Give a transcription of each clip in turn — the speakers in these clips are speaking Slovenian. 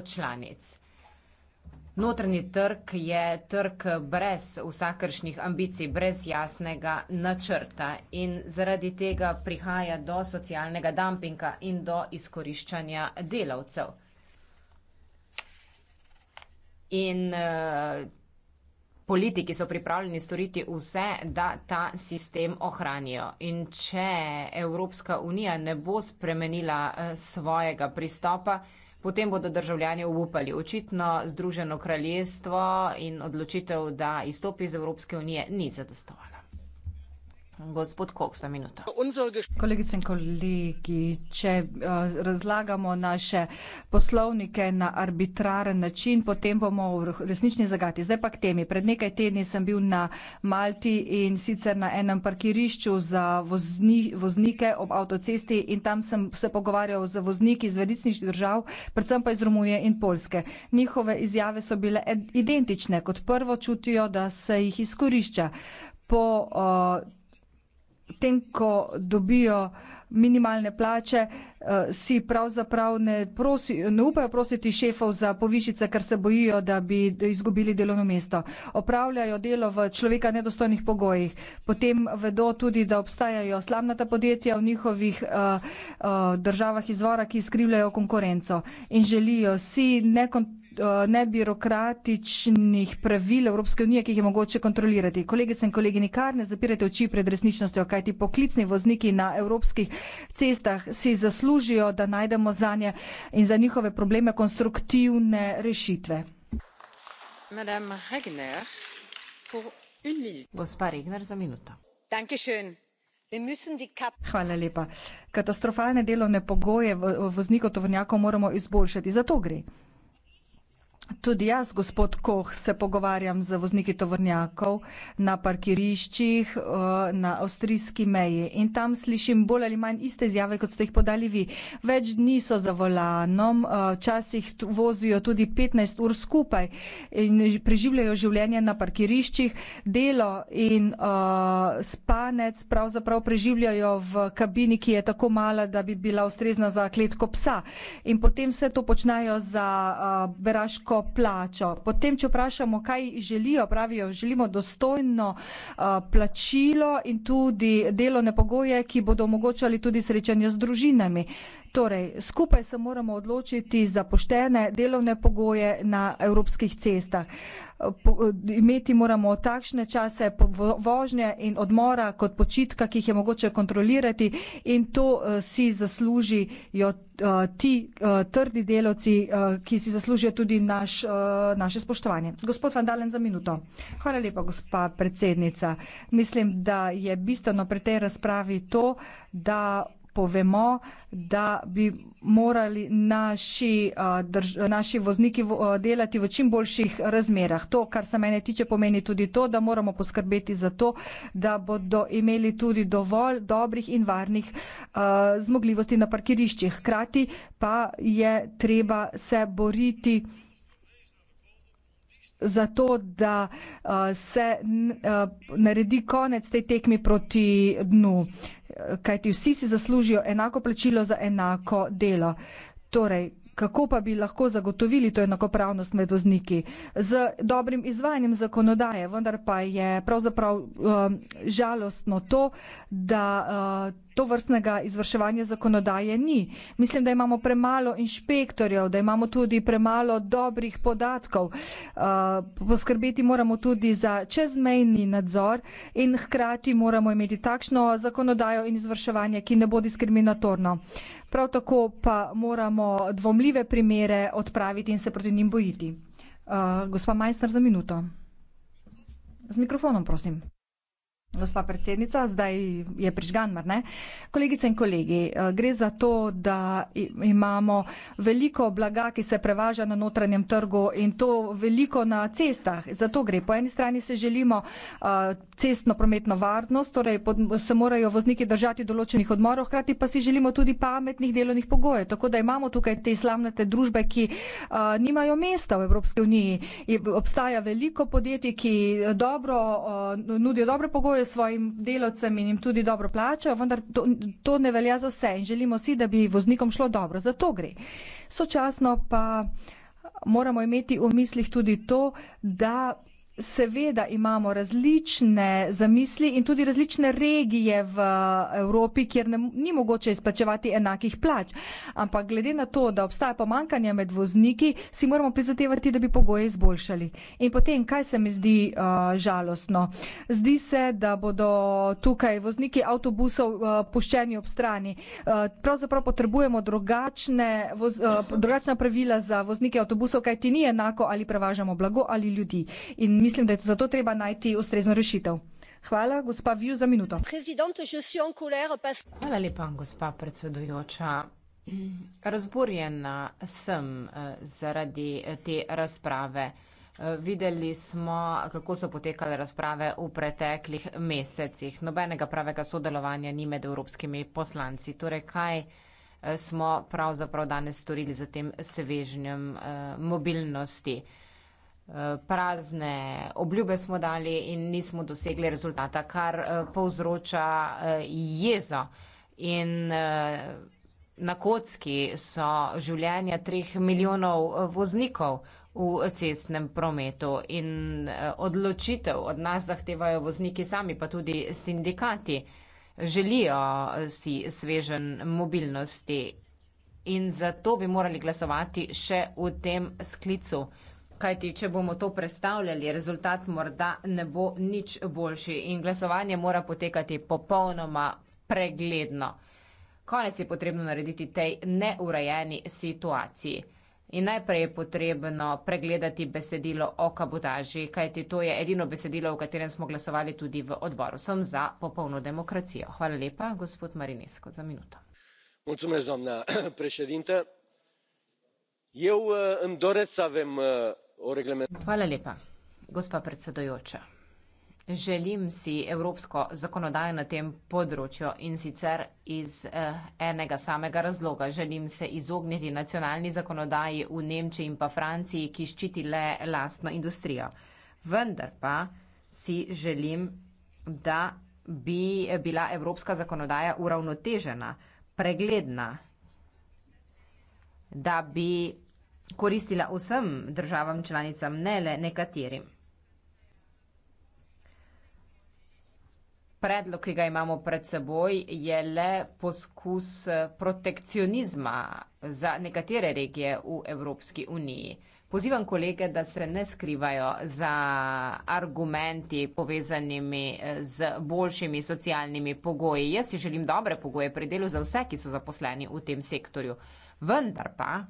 članic. Notranji trg je trg brez vsakršnih ambicij, brez jasnega načrta in zaradi tega prihaja do socialnega dampinga in do izkoriščanja delavcev. In eh, politiki so pripravljeni storiti vse, da ta sistem ohranijo. In če Evropska unija ne bo spremenila eh, svojega pristopa, potem bodo državljani obupali. Očitno Združeno kraljestvo in odločitev, da izstopi iz Evropske unije, ni zadostovala. Gospod Kok za minuto. Kolegice in kolegi, če eh, razlagamo naše poslovnike na arbitraren način, potem bomo v resnični zagati. Zdaj pa k temi. Pred nekaj tedni sem bil na Malti in sicer na enem parkirišču za vozni, voznike ob avtocesti in tam sem se pogovarjal z vozniki iz velicnih držav, predvsem pa iz Romunije in Polske. Njihove izjave so bile identične. Kot prvo čutijo, da se jih izkorišča. Po uh, tem, ko dobijo minimalne plače, eh, si pravzaprav ne, prosi, ne upajo prositi šefov za povišice, ker se bojijo, da bi izgubili delovno mesto. Opravljajo delo v človeka nedostojnih pogojih. Potem vedo tudi, da obstajajo slamnata podjetja v njihovih uh, uh, državah izvora, ki skrivljajo konkurenco in želijo si nekontrolirati Eh, nebirokratičnih pravil Evropske unije, ki jih je mogoče kontrolirati. Kolegice in kolegi, nikar ne zapirajte oči pred resničnostjo, kajti poklicni vozniki na evropskih cestah si zaslužijo, da najdemo za nje in za njihove probleme konstruktivne rešitve. Gospa Regner za minuto. Hvala lepa. Katastrofalne delovne pogoje voznikov tovornjakov moramo izboljšati. Za to gre. Tudi jaz, gospod Koh, se pogovarjam z vozniki tovornjakov na parkiriščih eh, na avstrijski meji in tam slišim bolj ali manj iste izjave, kot ste jih podali vi. Več dni so za volanom, eh, včasih vozijo tudi 15 ur skupaj in preživljajo življenje na parkiriščih, delo in uh, spanec pravzaprav preživljajo v kabini, ki je tako mala, da bi bila ustrezna za kletko psa. In potem vse to počnejo za uh, beraško plačo. Potem, če vprašamo, kaj želijo, pravijo, želimo dostojno eh, plačilo in tudi delovne pogoje, ki bodo omogočali tudi srečanje z družinami. Torej, skupaj se moramo odločiti za poštene delovne pogoje na evropskih cestah. Po, imeti moramo takšne čase vožnje in odmora kot počitka, ki jih je mogoče kontrolirati in to uh, si zaslužijo uh, ti uh, trdi delovci, uh, ki si zaslužijo tudi naš, uh, naše spoštovanje. Gospod Vandalen, za minuto. Hvala lepa, gospa predsednica. Mislim, da je bistveno pri tej razpravi to, da povemo, da bi morali naši, eh, drž, naši vozniki v, eh, delati v čim boljših razmerah. To, kar se mene tiče, pomeni tudi to, da moramo poskrbeti za to, da bodo imeli tudi dovolj dobrih in varnih uh, zmogljivosti na parkiriščih. Hkrati pa je treba se boriti za to, da uh, se uh, naredi konec tej tekmi proti dnu. Kajti vsi si zaslužijo enako plačilo za enako delo. Torej, kako pa bi lahko zagotovili to enakopravnost med vozniki z dobrim izvajanjem zakonodaje, vendar pa je pravzaprav um, žalostno to, da uh, To vrstnega izvrševanja zakonodaje ni. Mislim, da imamo premalo inšpektorjev, da imamo tudi premalo dobrih podatkov. Uh, poskrbeti moramo tudi za čezmejni nadzor in hkrati moramo imeti takšno zakonodajo in izvrševanje, ki ne bo diskriminatorno. Uh, prav tako pa moramo dvomljive primere odpraviti in se proti njim bojiti. Uh, gospa Majstr za minuto. Z mikrofonom, prosim. Gospa predsednica, zdaj je prižgan, mar ne? Kolegice in kolegi, eh, gre za to, da imamo veliko blaga, ki se prevaža na notranjem trgu in to veliko na cestah. Za to gre. Po eni strani se želimo eh, cestno prometno varnost, torej se morajo vozniki držati določenih odmorov, hkrati pa si želimo tudi pametnih delovnih pogojev. Tako da imamo tukaj te slamnate družbe, ki eh, nimajo mesta v Evropski uniji. Obstaja veliko podjetij, ki dobro, nudijo dobre pogoje, prisluhujejo svojim delavcem in jim tudi dobro plačajo, vendar to, to ne velja za vse in želimo si, da bi voznikom šlo dobro. Za to gre. Sočasno pa moramo imeti v mislih tudi to, da Seveda imamo različne zamisli in tudi različne regije v Evropi, kjer ne, ni mogoče izplačevati enakih plač. Ampak glede na to, da obstaja pomankanje med vozniki, si moramo prizadevati, da bi pogoje izboljšali. In potem, kaj se mi zdi uh, žalostno? Zdi se, da bodo tukaj vozniki avtobusov uh, puščeni ob strani. Uh, pravzaprav potrebujemo drugačne, voz, uh, drugačna pravila za voznike avtobusov, kaj ti ni enako, ali prevažamo blago ali ljudi. In mislim, da je zato treba najti ustrezno rešitev. Hvala, gospa Viu, za minuto. Hvala lepa, gospa predsedujoča. Razburjena sem eh, zaradi eh, te razprave. Eh, videli smo, kako so potekale razprave v preteklih mesecih. Nobenega pravega sodelovanja ni med evropskimi poslanci. Torej, kaj smo pravzaprav danes storili za tem svežnjem mobilnosti? prazne obljube smo dali in nismo dosegli rezultata, kar eh, povzroča eh, jezo. In eh, na kocki so življenja treh milijonov voznikov v cestnem prometu in odločitev od nas zahtevajo vozniki sami, pa tudi sindikati. Želijo si svežen mobilnosti in zato bi morali glasovati še v tem sklicu. Kajti, če bomo to predstavljali, rezultat morda ne bo nič boljši in glasovanje mora potekati popolnoma pregledno. Konec je potrebno narediti tej neurejeni situaciji. In najprej je potrebno pregledati besedilo o kabotaži, kajti to je edino besedilo, v katerem smo glasovali tudi v odboru. Sem za popolno demokracijo. Hvala lepa, gospod Marinesko, za minuto. Mulțumesc, doamna președintă. Eu eh, îmi doresc să avem uh, o reglementaciji. Hvala lepa, gospa predsedojoča. Želim si evropsko zakonodajo na tem področju in sicer iz eh, enega samega razloga. Želim se izogniti nacionalni zakonodaji v Nemčiji in pa Franciji, ki ščiti le lastno industrijo. Vendar pa si želim, da bi bila evropska zakonodaja uravnotežena, pregledna, da bi koristila vsem državam članicam, ne le nekaterim. Predlog, ki ga imamo pred seboj, je le poskus protekcionizma za nekatere regije v Evropski uniji. Pozivam kolege, da se ne skrivajo za argumenti povezanimi z boljšimi socialnimi pogoji. Jaz si želim dobre pogoje pri delu za vse, ki so zaposleni v tem sektorju. Vendar pa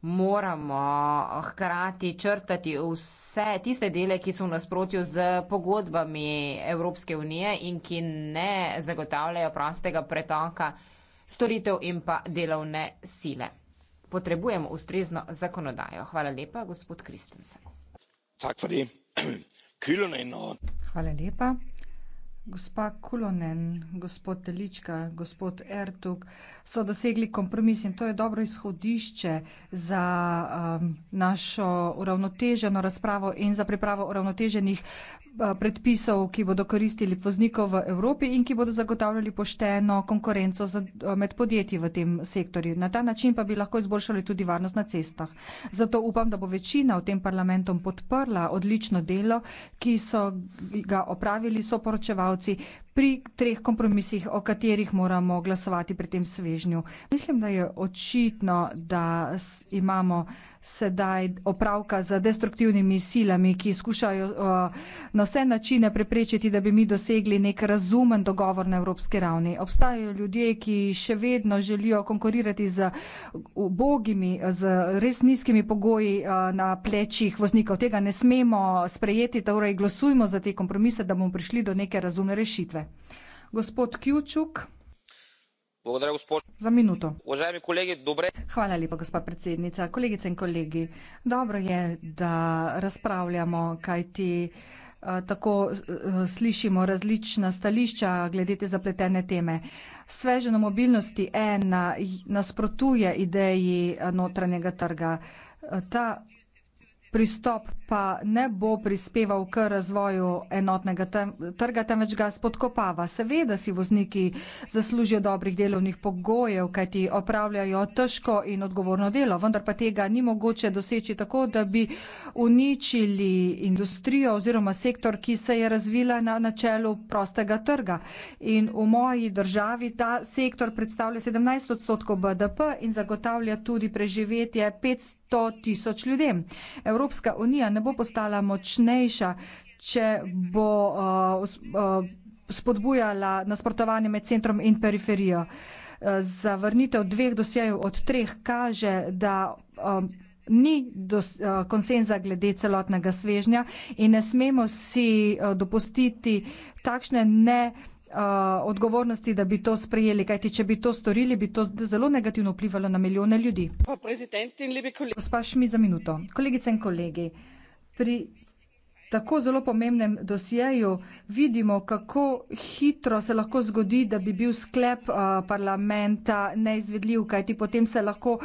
moramo eh, hkrati črtati vse tiste dele, ki so v nasprotju z pogodbami Evropske unije in ki ne zagotavljajo prostega pretoka storitev in pa delovne sile. Potrebujemo ustrezno zakonodajo. Hvala lepa, gospod Kristensen. Hvala lepa. Gospa Kulonen, gospod Telička, gospod Ertug so dosegli kompromis in to je dobro izhodišče za um, našo uravnoteženo razpravo in za pripravo uravnoteženih Eh, predpisov, ki bodo koristili voznikov v Evropi in ki bodo zagotavljali pošteno konkurenco eh, med podjetji v tem sektorju. Na ta način pa bi lahko izboljšali tudi varnost na cestah. Zato upam, da bo večina v tem parlamentu podprla odlično delo, ki so ga opravili soporočevalci, pri treh kompromisih, o katerih moramo glasovati pri tem svežnju. Mislim, da je očitno, da imamo sedaj opravka z destruktivnimi silami, ki skušajo na vse načine preprečiti, da bi mi dosegli nek razumen dogovor na evropski ravni. Obstajajo ljudje, ki še vedno želijo konkurirati z bogimi, z res nizkimi pogoji na plečih voznikov. Tega ne smemo sprejeti, torej glasujmo za te kompromise, da bomo prišli do neke razumne rešitve. Ukrajince. Gospod Kjučuk. Благодаря, госпож... За минуто. Уважаеми колеги, добре. Хвала ли, госпа председница, колегица и колеги. Добро е да разправляме, кай ти tako eh, slišimo različna stališča glede te zapletene teme. Sveženo mobilnosti ena nasprotuje ideji eh, notranjega trga. Eh, ta pristop pa ne bo prispeval k razvoju enotnega trga, temveč ga spodkopava. Seveda si vozniki zaslužijo dobrih delovnih pogojev, kajti opravljajo težko in odgovorno delo, vendar pa tega ni mogoče doseči tako, da bi uničili industrijo oziroma sektor, ki se je razvila na načelu prostega trga. In v moji državi ta sektor predstavlja 17 odstotkov BDP in zagotavlja tudi preživetje 500 sto tisoč ljudem. Evropska unija ne bo postala močnejša, če bo uh, uh, spodbujala nasprotovanje med centrom in periferijo. Uh, zavrnitev dveh dosjejev od treh kaže, da. Um, Ni dos, uh, konsenza glede celotnega svežnja in ne smemo si uh, dopustiti takšne ne, Eh, odgovornosti, da bi to sprejeli, kajti če bi to storili, bi to zelo negativno vplivalo na milijone ljudi. Gospa Šmit za minuto. Kolegice in kolegi, pri tako zelo pomembnem dosjeju vidimo, kako hitro se lahko zgodi, da bi bil sklep uh, parlamenta neizvedljiv, kajti potem se lahko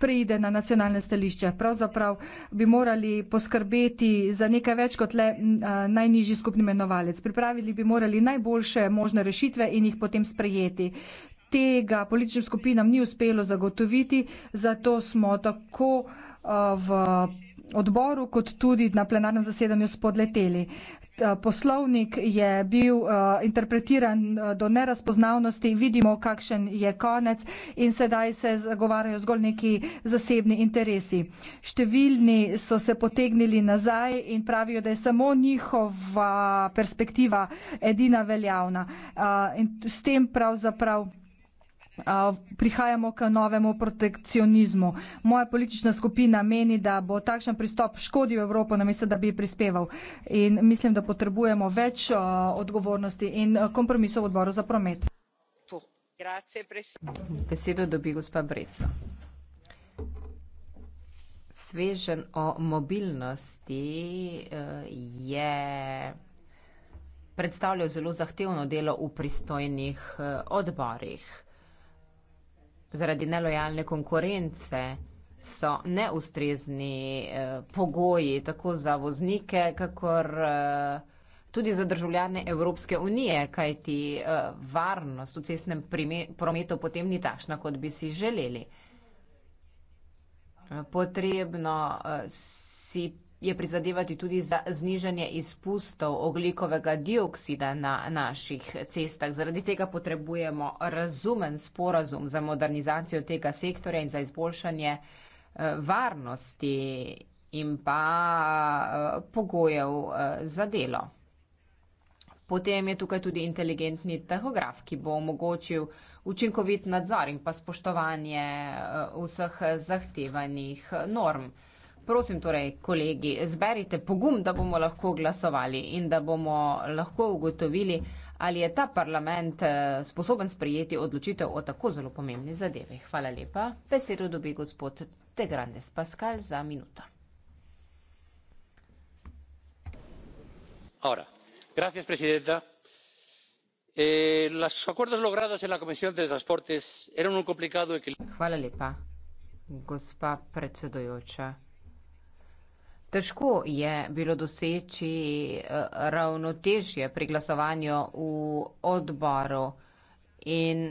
preide na nacionalne stališče. Pravzaprav bi morali poskrbeti za nekaj več kot le uh, najnižji skupni menovalec. Pripravili bi morali najboljše možne rešitve in jih potem sprejeti. Tega političnim skupinam ni uspelo zagotoviti, zato smo tako uh, v odboru kot tudi na plenarnem zasedanju spodleteli. Poslovnik je bil uh, interpretiran eh, do nerazpoznavnosti, vidimo, kakšen je konec in sedaj se zagovarjajo zgolj neki zasebni interesi. Številni so se potegnili nazaj in pravijo, da je samo njihova perspektiva edina veljavna. Uh, in s tem pravzaprav prihajamo k novemu protekcionizmu. Moja politična skupina meni, da bo takšen pristop škodil Evropo, namesto da bi prispeval. In mislim, da potrebujemo več odgovornosti in kompromisov v odboru za promet. Besedo dobi gospa Breso. Svežen o mobilnosti e, je predstavljal zelo zahtevno delo v pristojnih e, odborih zaradi nelojalne konkurence so neustrezni eh, pogoji tako za voznike, kakor eh, tudi za državljane Evropske unije, kajti eh, varnost v cestnem prometu potem ni takšna, kot bi si želeli. Eh, potrebno eh, si je prizadevati tudi za znižanje izpustov oglikovega dioksida na naših cestah. Zaradi tega potrebujemo razumen sporazum za modernizacijo tega sektorja in za izboljšanje eh, varnosti in pa eh, pogojev eh, za delo. Potem je tukaj tudi inteligentni tahograf, ki bo omogočil učinkovit nadzor in pa spoštovanje vseh zahtevanih norm prosim, torej, kolegi, zberite pogum, da bomo lahko glasovali in da bomo lahko ugotovili, ali je ta parlament eh, sposoben sprejeti odločitev o tako zelo pomembni zadevi. Hvala lepa. Besedo dobi gospod Tegrandes Pascal za minuto. Ahora, gracias, presidenta. Eh, los acuerdos logrados en la Comisión de Transportes eran un complicado equilibrio. Hvala lepa, gospa predsedujoča. Težko je bilo doseči eh, ravnotežje pri glasovanju v odboru in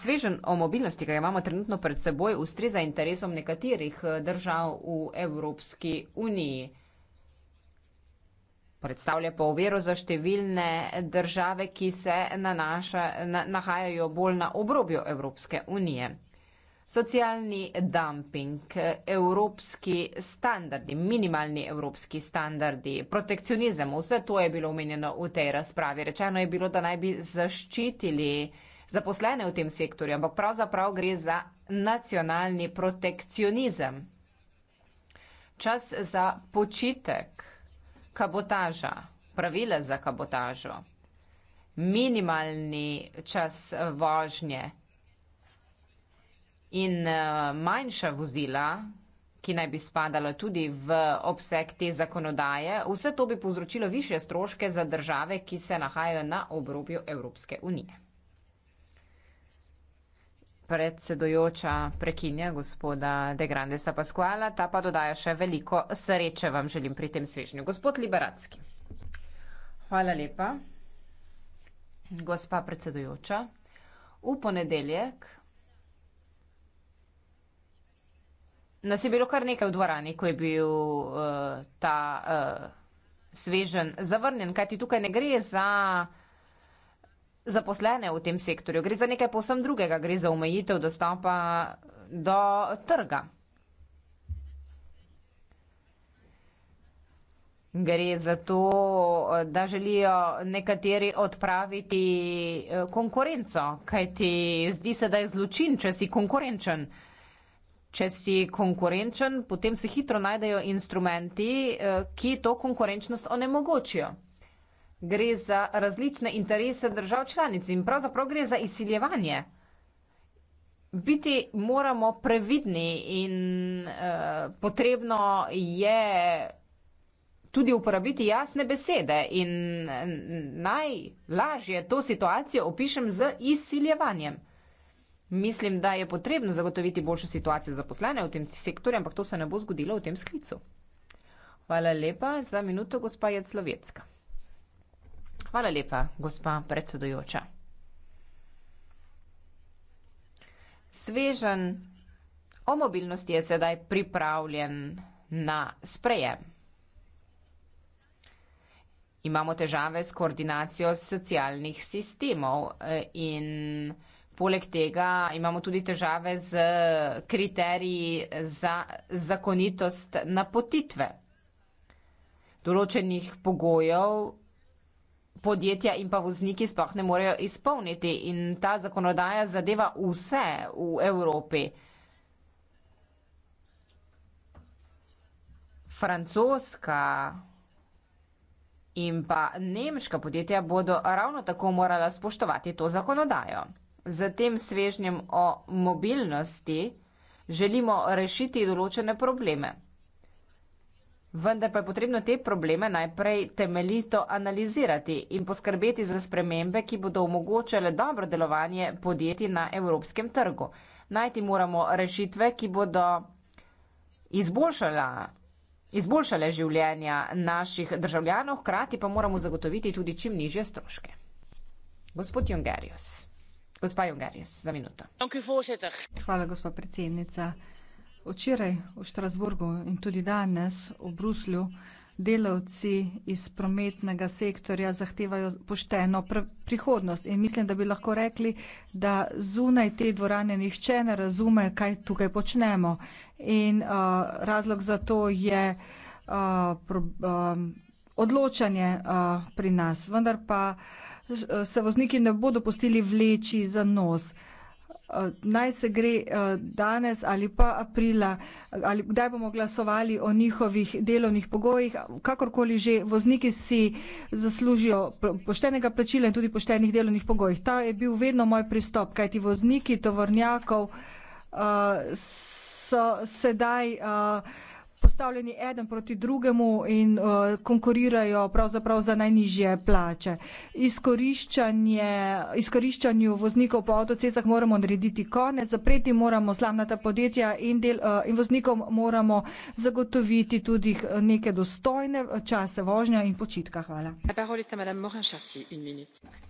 svežen o mobilnosti, ki ga imamo trenutno pred seboj, ustreza interesom nekaterih eh, držav v Evropski uniji. Predstavlja pa uvero za številne države, ki se nanaša, na, nahajajo bolj na obrobju Evropske unije. Socialni dumping, evropski standardi, minimalni evropski standardi, protekcionizem, vse to je bilo omenjeno v tej razpravi. Rečeno je bilo, da naj bi zaščitili zaposlene v tem sektorju, ampak pravzaprav gre za nacionalni protekcionizem. Čas za počitek, kabotaža, pravile za kabotažo, minimalni čas vožnje. In eh, manjša vozila, ki naj bi spadala tudi v obseg te zakonodaje, vse to bi povzročilo više stroške za države, ki se nahajajo na obrobju Evropske unije. Predsedujoča prekinja gospoda De Grandesa Pasquala, ta pa dodaja še veliko sreče vam želim pri tem svežnju. Gospod Liberacki. Hvala lepa. Gospa predsedujoča, v ponedeljek Nas je bilo kar nekaj v dvorani, ko je bil uh, ta uh, eh, svežen zavrnjen, kajti tukaj ne gre za zaposlene v tem sektorju, gre za nekaj povsem drugega, gre za omejitev dostopa do trga. Gre za to, da želijo nekateri odpraviti eh, konkurenco, kajti zdi se, da je zločin, če si konkurenčen če si konkurenčen, potem se hitro najdejo instrumenti, eh, ki to konkurenčnost onemogočijo. Gre za različne interese držav članic in pravzaprav gre za izsiljevanje. Biti moramo previdni in uh, potrebno je tudi uporabiti jasne besede in najlažje to situacijo opišem z izsiljevanjem. Mislim, da je potrebno zagotoviti boljšo situacijo zaposlene v tem sektorju, ampak to se ne bo zgodilo v tem sklicu. Hvala lepa za minuto, gospa Jedslovecka. Hvala lepa, gospa predsedujoča. Svežen o mobilnosti je sedaj pripravljen na sprejem. Imamo težave s koordinacijo socialnih sistemov eh, in Poleg tega imamo tudi težave z kriteriji za zakonitost napotitve določenih pogojev podjetja in pa vozniki sploh ne morejo izpolniti in ta zakonodaja zadeva vse v Evropi. Francoska in pa nemška podjetja bodo ravno tako morala spoštovati to zakonodajo. Z tem svežnjem o mobilnosti želimo rešiti določene probleme. Vendar pa je potrebno te probleme najprej temeljito analizirati in poskrbeti za spremembe, ki bodo omogočale dobro delovanje podjetij na evropskem trgu. Najti moramo rešitve, ki bodo izboljšale življenja naših državljanov, hkrati pa moramo zagotoviti tudi čim nižje stroške. Gospod Jungerius. Gospa Jungarjes, za minuto. Hvala, gospa predsednica. Včeraj v Štrasburgu in tudi danes v Bruslju delavci iz prometnega sektorja zahtevajo pošteno pr prihodnost. In mislim, da bi lahko rekli, da zunaj te dvorane nihče ne razume, kaj tukaj počnemo. In uh, razlog za to je uh, pro, uh, odločanje uh, pri nas. Vendar pa. Uh, Eh, se vozniki ne bodo postili vleči za nos. Eh, naj se gre eh, danes ali pa aprila, ali kdaj bomo glasovali o njihovih delovnih pogojih, kakorkoli že, vozniki si zaslužijo poštenega plačila in tudi poštenih delovnih pogojih. Ta je bil vedno moj pristop, kajti vozniki tovornjakov so sedaj. Uh, postavljeni eden proti drugemu in uh, konkurirajo pravzaprav za najnižje plače. Izkoriščanju voznikov po avtocestah moramo narediti konec, zapreti moramo slamnata podjetja in, del, uh, in voznikom moramo zagotoviti tudi eh, neke dostojne čase vožnja in počitka. Hvala.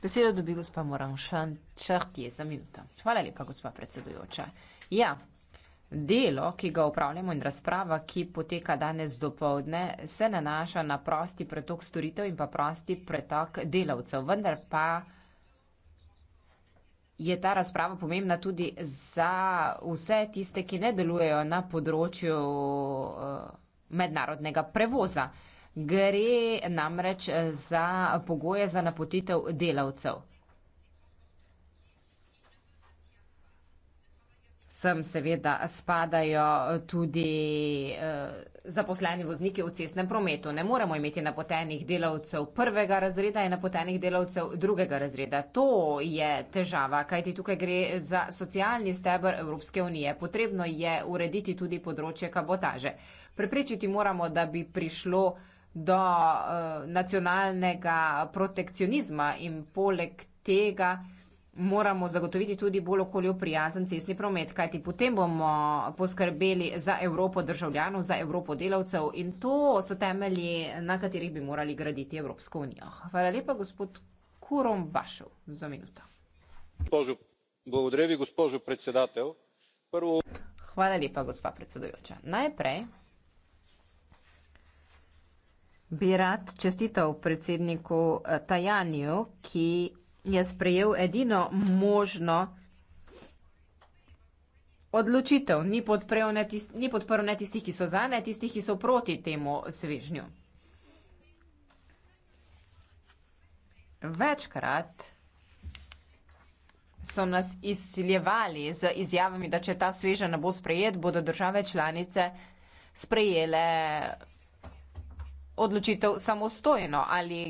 Besedo dobi gospa Moran Šartje za minuto. Hvala lepa, gospa predsedujoča. Ja, Delo, ki ga upravljamo in razprava, ki poteka danes dopovdne, se nanaša na prosti pretok storitev in pa prosti pretok delavcev. Vendar pa je ta razprava pomembna tudi za vse tiste, ki ne delujejo na področju eh, mednarodnega prevoza. Gre namreč eh, za pogoje za napotitev delavcev. sem seveda spadajo tudi eh, zaposleni vozniki v cestnem prometu. Ne moremo imeti napotenih delavcev prvega razreda in napotenih delavcev drugega razreda. To je težava, kajti tukaj gre za socialni stebr Evropske unije. Potrebno je urediti tudi področje kabotaže. Preprečiti moramo, da bi prišlo do eh, nacionalnega protekcionizma in poleg tega, moramo zagotoviti tudi bolj okolju prijazen cestni promet, kajti potem bomo poskrbeli za Evropo državljanov, za Evropo delavcev in to so temelji, na katerih bi morali graditi Evropsko unijo. Hvala lepa, gospod Kurom Bašov, za minuto. Hvala lepa, gospa predsedujoča. Najprej bi rad čestital predsedniku eh, Tajaniju, ki je sprejel edino možno odločitev. Ni, ne tist, ni podprl ne tistih, ki so za, ne tistih, ki so proti temu svežnju. Večkrat so nas izsiljevali z izjavami, da če ta sveža ne bo sprejet, bodo države članice sprejele odločitev samostojno ali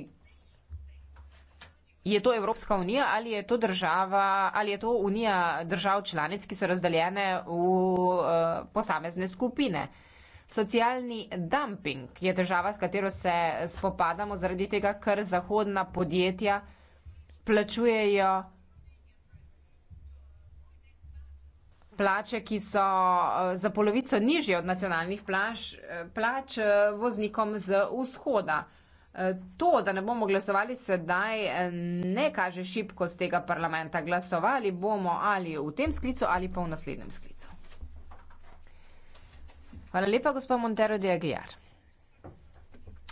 Je to Evropska unija ali je to država, ali je to unija držav članic, ki so razdeljene v uh, posamezne skupine? Socialni dumping je država, s katero se spopadamo zaradi tega, ker zahodna podjetja plačujejo plače, ki so eh, za polovico nižje od nacionalnih plaž, eh, plač voznikom z vzhoda. Eh, to, da ne bomo glasovali sedaj, eh, ne kaže šibko z tega parlamenta. Glasovali bomo ali v tem sklicu ali pa v naslednjem sklicu. Hvala lepa, gospod Montero de Aguiar.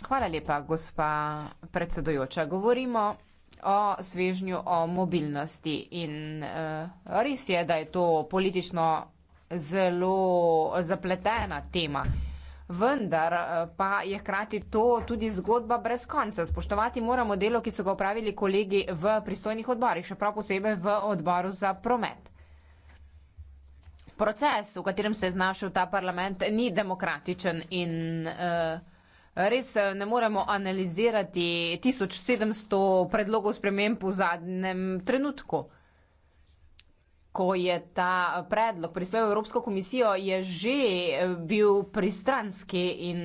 Hvala lepa, gospa predsedojoča. Govorimo o svežnju o mobilnosti in uh, res je, da je to politično zelo zapletena tema vendar eh, pa je hkrati to tudi zgodba brez konca. Spoštovati moramo delo, ki so ga upravili kolegi v pristojnih odborih, še prav posebej v odboru za promet. Proces, v katerem se je znašel ta parlament, ni demokratičen in uh, res eh, ne moremo analizirati 1700 predlogov spremem po zadnjem trenutku. Uh, ko je ta predlog prispel v Evropsko komisijo, je že eh, bil pristranski in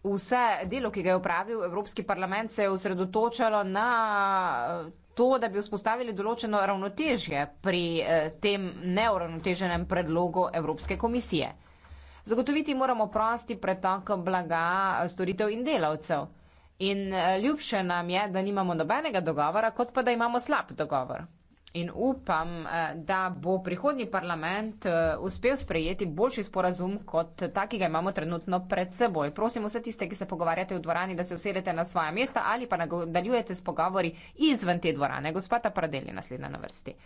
vse delo, ki ga je upravil Evropski parlament, se je osredotočalo na eh, to, da bi vzpostavili določeno ravnotežje pri eh, tem neuravnoteženem predlogu Evropske komisije. Zagotoviti moramo prosti pretok blaga storitev in delavcev. In ljubše nam je, da nimamo nobenega dogovora, kot pa da imamo slab dogovor. In upam, eh, da bo prihodnji parlament eh, uspel sprejeti boljši sporazum kot takega imamo trenutno pred seboj. Prosim vse tiste, ki se pogovarjate v dvorani, da se usedete na svoje mesta ali pa nadaljujete s pogovori izven te dvorane. Gospata Pradel je naslednja na vrsti.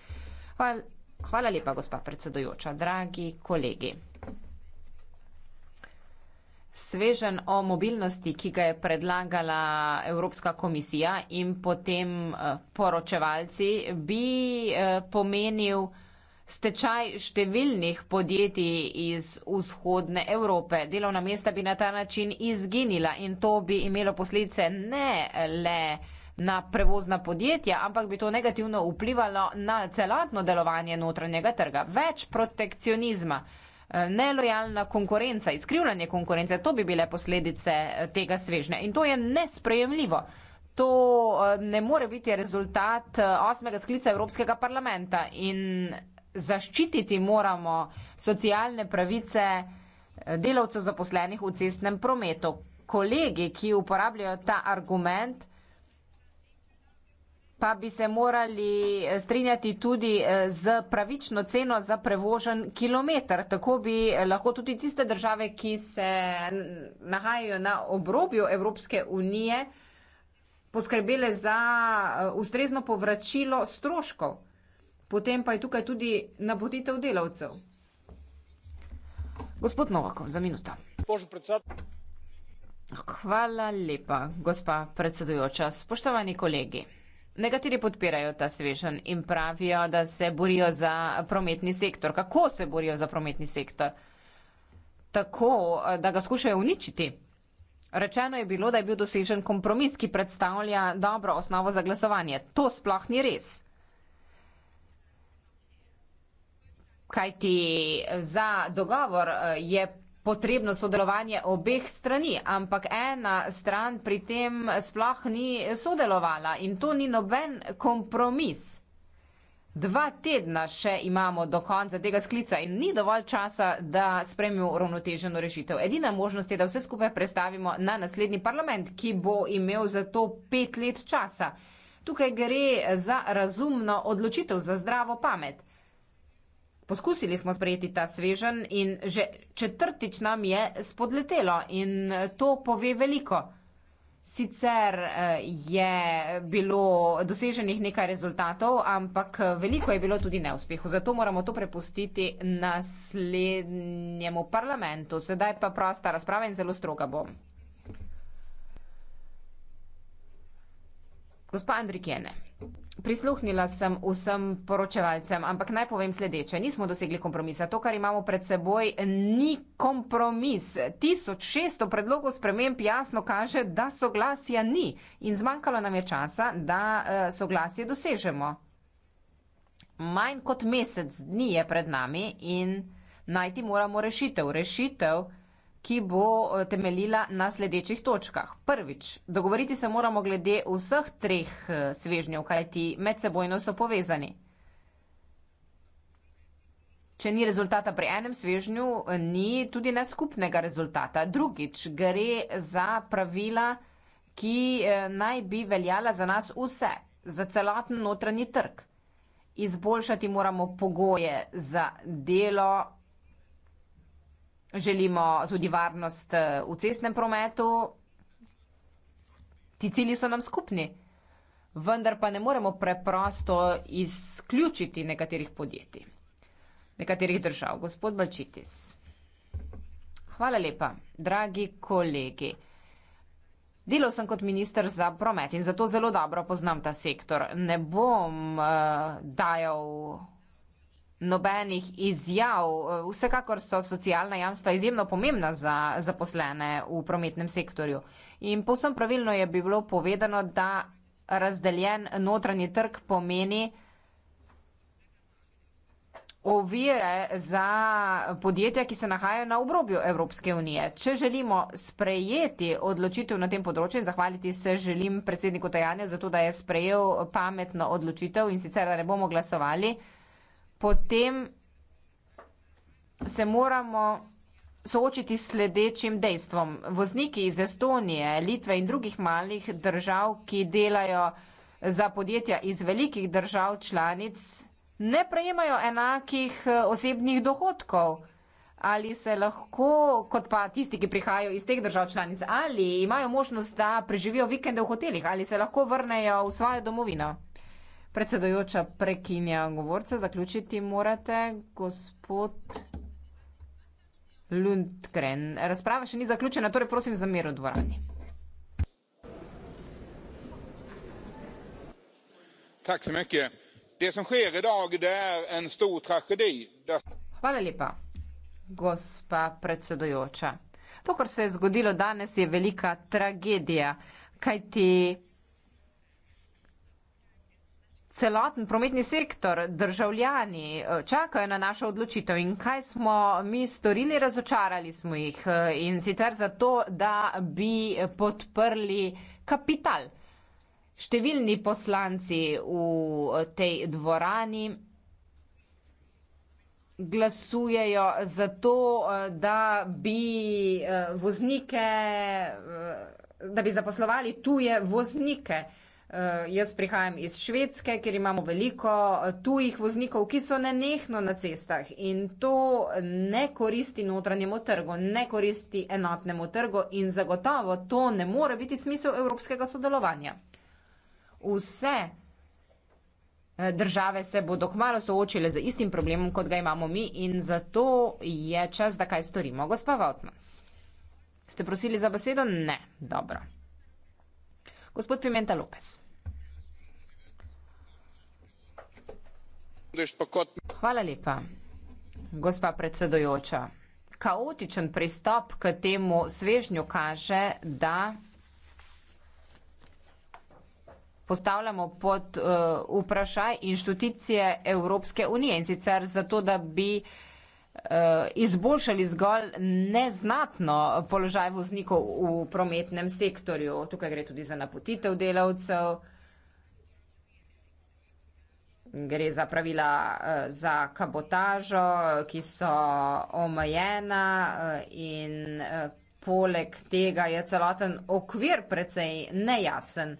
Hvala lepa, gospa predsedujoča, dragi kolegi svežen o mobilnosti, ki ga je predlagala Evropska komisija in potem eh, poročevalci, bi eh, pomenil stečaj številnih podjetij iz vzhodne Evrope. Delovna mesta bi na ta način izginila in to bi imelo posledice ne le na prevozna podjetja, ampak bi to negativno vplivalo na celotno delovanje notranjega trga. Več protekcionizma. Eh, nelojalna konkurenca, izkrivljanje konkurence, to bi bile posledice eh, tega svežnja. In to je nesprejemljivo. To eh, ne more biti rezultat osmega sklica Evropskega parlamenta in zaščititi moramo socialne pravice delavcev zaposlenih v cestnem prometu. Kolegi, ki uporabljajo ta argument, pa bi se morali eh, strinjati tudi eh, z pravično ceno za prevožen kilometr. Tako bi eh, lahko tudi tiste države, ki se nahajajo na obrobju Evropske unije, poskrbele za ustrezno povračilo stroškov. Potem pa je tukaj tudi napotitev delavcev. Gospod Novakov, za minuto. Hvala lepa, gospa predsedujoča. Spoštovani kolegi. Nekateri podpirajo ta svežen in pravijo, da se borijo za prometni sektor. Kako se borijo za prometni sektor? Tako, da ga skušajo uničiti. Rečeno je bilo, da je bil dosežen kompromis, ki predstavlja dobro osnovo za glasovanje. To sploh ni res. Kajti za dogovor eh, je potrebno sodelovanje obeh strani, ampak ena stran pri tem sploh ni sodelovala in to ni noben kompromis. Dva tedna še imamo do konca tega sklica in ni dovolj časa, da spremimo uravnoteženo rešitev. Edina možnost je, da vse skupaj predstavimo na naslednji parlament, ki bo imel za to pet let časa. Tukaj gre za razumno odločitev, za zdravo pamet. Poskusili smo sprejeti ta svežen in že četrtič nam je spodletelo in eh, to pove veliko. Sicer eh, je bilo doseženih nekaj rezultatov, ampak eh, veliko je bilo tudi neuspehov. Zato moramo to prepustiti naslednjemu parlamentu. Sedaj pa prosta razprava in zelo stroga bom. Gospa Andrikene. Prisluhnila sem vsem poročevalcem, ampak naj povem sledeče. Nismo dosegli kompromisa. To, kar imamo pred seboj, ni kompromis. 1600 predlogov sprememb jasno kaže, da soglasja ni in zmanjkalo nam je časa, da eh, soglasje dosežemo. Manj kot mesec dni je pred nami in najti moramo rešitev. Rešitev ki bo eh, temeljila na sledečih točkah. Prvič, dogovoriti se moramo glede vseh treh eh, svežnjev, kajti medsebojno so povezani. Če ni rezultata pri enem svežnju, eh, ni tudi neskupnega rezultata. Drugič, gre za pravila, ki naj bi veljala za nas vse, za celoten notranji trg. Izboljšati moramo pogoje za delo Želimo tudi varnost eh, v cestnem prometu. Ti cilji so nam skupni, vendar pa ne moremo preprosto izključiti nekaterih podjetij, nekaterih držav. Gospod Balčitis. Hvala lepa, dragi kolegi. Delal sem kot minister za promet in zato zelo dobro poznam ta sektor. Ne bom uh, dajal nobenih izjav. Vsekakor so socialna jamstva izjemno pomembna za zaposlene v prometnem sektorju. In povsem pravilno je bilo povedano, da razdeljen notranji trg pomeni ovire za podjetja, ki se nahajajo na obrobju Evropske unije. Če želimo sprejeti odločitev na tem področju in zahvaliti se želim predsedniku Tajanju za to, da je sprejel pametno odločitev in sicer, da ne bomo glasovali, potem se moramo soočiti s sledečim dejstvom. Vozniki iz Estonije, Litve in drugih malih držav, ki delajo za podjetja iz velikih držav članic, ne prejemajo enakih eh, osebnih dohodkov. Ali se lahko, kot pa tisti, ki prihajajo iz teh držav članic, ali imajo možnost, da preživijo vikende v hotelih, ali se lahko vrnejo v svojo domovino? Predsedujoča prekinja govorce, zaključiti morate, gospod Lundgren. Razprava še ni zaključena, torej prosim za mir v dvorani. Hvala lepa, gospa predsedujoča. To, kar se je zgodilo danes, je velika tragedija, kajti celoten prometni sektor, državljani eh, čakajo na našo odločitev in kaj smo mi storili, razočarali smo jih eh, in sicer zato, da bi podprli kapital. Številni poslanci v eh, tej dvorani glasujejo za to, da bi voznike, da bi zaposlovali tuje voznike. Eh, jaz prihajam iz Švedske, kjer imamo veliko eh, tujih voznikov, ki so nenehno na cestah in to ne koristi notranjemu trgu, ne koristi enotnemu trgu in zagotovo to ne more biti smisel evropskega sodelovanja. Vse eh, države se bodo kmalo soočile z istim problemom, kot ga imamo mi in zato je čas, da kaj storimo. Gospa Vautmans, ste prosili za besedo? Ne, dobro. Gospod Pimenta Lopez. Hvala lepa. Gospa predsedojoča, kaotičen pristop k temu svežnju kaže, da postavljamo pod uh, vprašaj inštitucije Evropske unije in sicer zato, da bi uh, Eh, izboljšali zgolj neznatno položaj voznikov v prometnem sektorju. Tukaj gre tudi za napotitev delavcev, gre za pravila eh, za kabotažo, ki so omejena eh, in poleg tega je celoten okvir precej nejasen.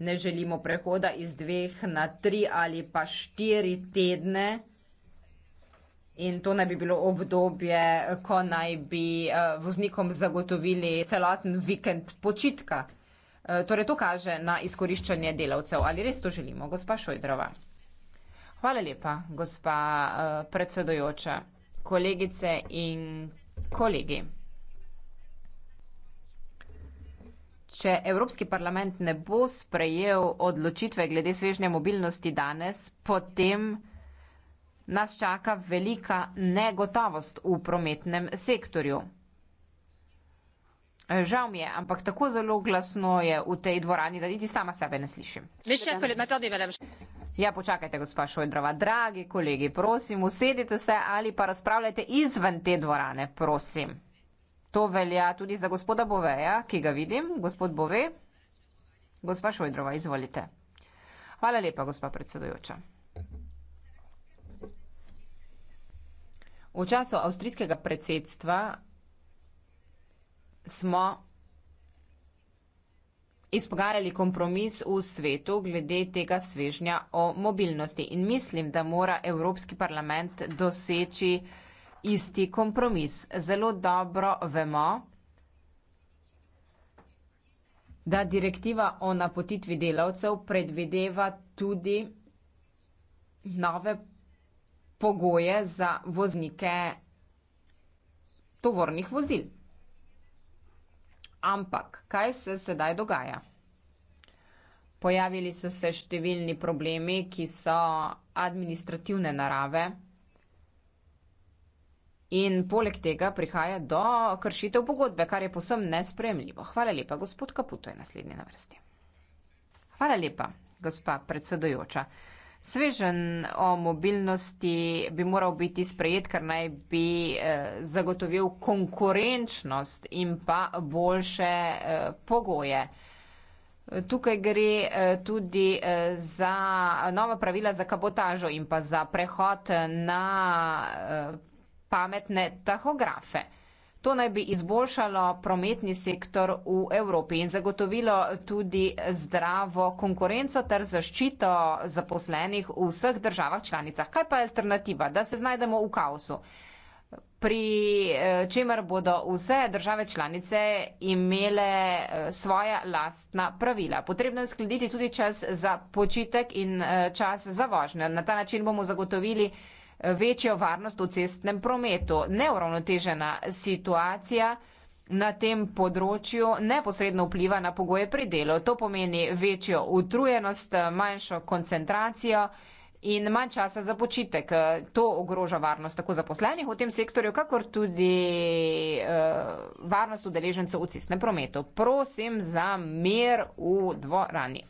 Ne želimo prehoda iz dveh na tri ali pa štiri tedne. In to naj bi bilo obdobje, ko naj bi eh, voznikom zagotovili celoten vikend počitka. Eh, torej, to kaže na izkoriščanje delavcev. Ali res to želimo, gospa Šojdrova? Hvala lepa, gospa eh, predsedojoča, kolegice in kolegi. Če Evropski parlament ne bo sprejel odločitve glede svežnje mobilnosti danes, potem nas čaka velika negotovost v prometnem sektorju. Žal mi je, ampak tako zelo glasno je v tej dvorani, da niti sama sebe ne slišim. Ja, počakajte, gospa Šojdrova. Dragi kolegi, prosim, usedite se ali pa razpravljajte izven te dvorane, prosim. To velja tudi za gospoda Boveja, ki ga vidim. Gospod Bove, gospa Šojdrova, izvolite. Hvala lepa, gospa predsedujoča. V času avstrijskega predsedstva smo izpogajali kompromis v svetu glede tega svežnja o mobilnosti in mislim, da mora Evropski parlament doseči isti kompromis. Zelo dobro vemo, da direktiva o napotitvi delavcev predvideva tudi nove pogoje za voznike tovornih vozil. Ampak, kaj se sedaj dogaja? Pojavili so se številni problemi, ki so administrativne narave in poleg tega prihaja do kršitev pogodbe, kar je posem nespremljivo. Hvala lepa, gospod Kaputo je naslednji na vrsti. Hvala lepa, gospa predsedojoča. Svežen o mobilnosti bi moral biti sprejet, ker naj bi eh, zagotovil konkurenčnost in pa boljše eh, pogoje. Tukaj gre eh, tudi za nova pravila za kabotažo in pa za prehod na pametne tahografe. To naj bi izboljšalo prometni sektor v Evropi in zagotovilo tudi zdravo konkurenco ter zaščito zaposlenih v vseh državah članicah. Kaj pa je alternativa, da se znajdemo v kaosu? pri eh, čemer bodo vse države članice imele eh, svoja lastna pravila. Potrebno je skladiti tudi čas za počitek in eh, čas za vožnjo. Na ta način bomo zagotovili večjo varnost v cestnem prometu. Neuravnotežena situacija na tem področju neposredno vpliva na pogoje pri delu. To pomeni večjo utrujenost, manjšo koncentracijo in manj časa za počitek. To ogroža varnost tako zaposlenih v tem sektorju, kakor tudi uh, varnost udeležencev v cestnem prometu. Prosim za mir v dvorani.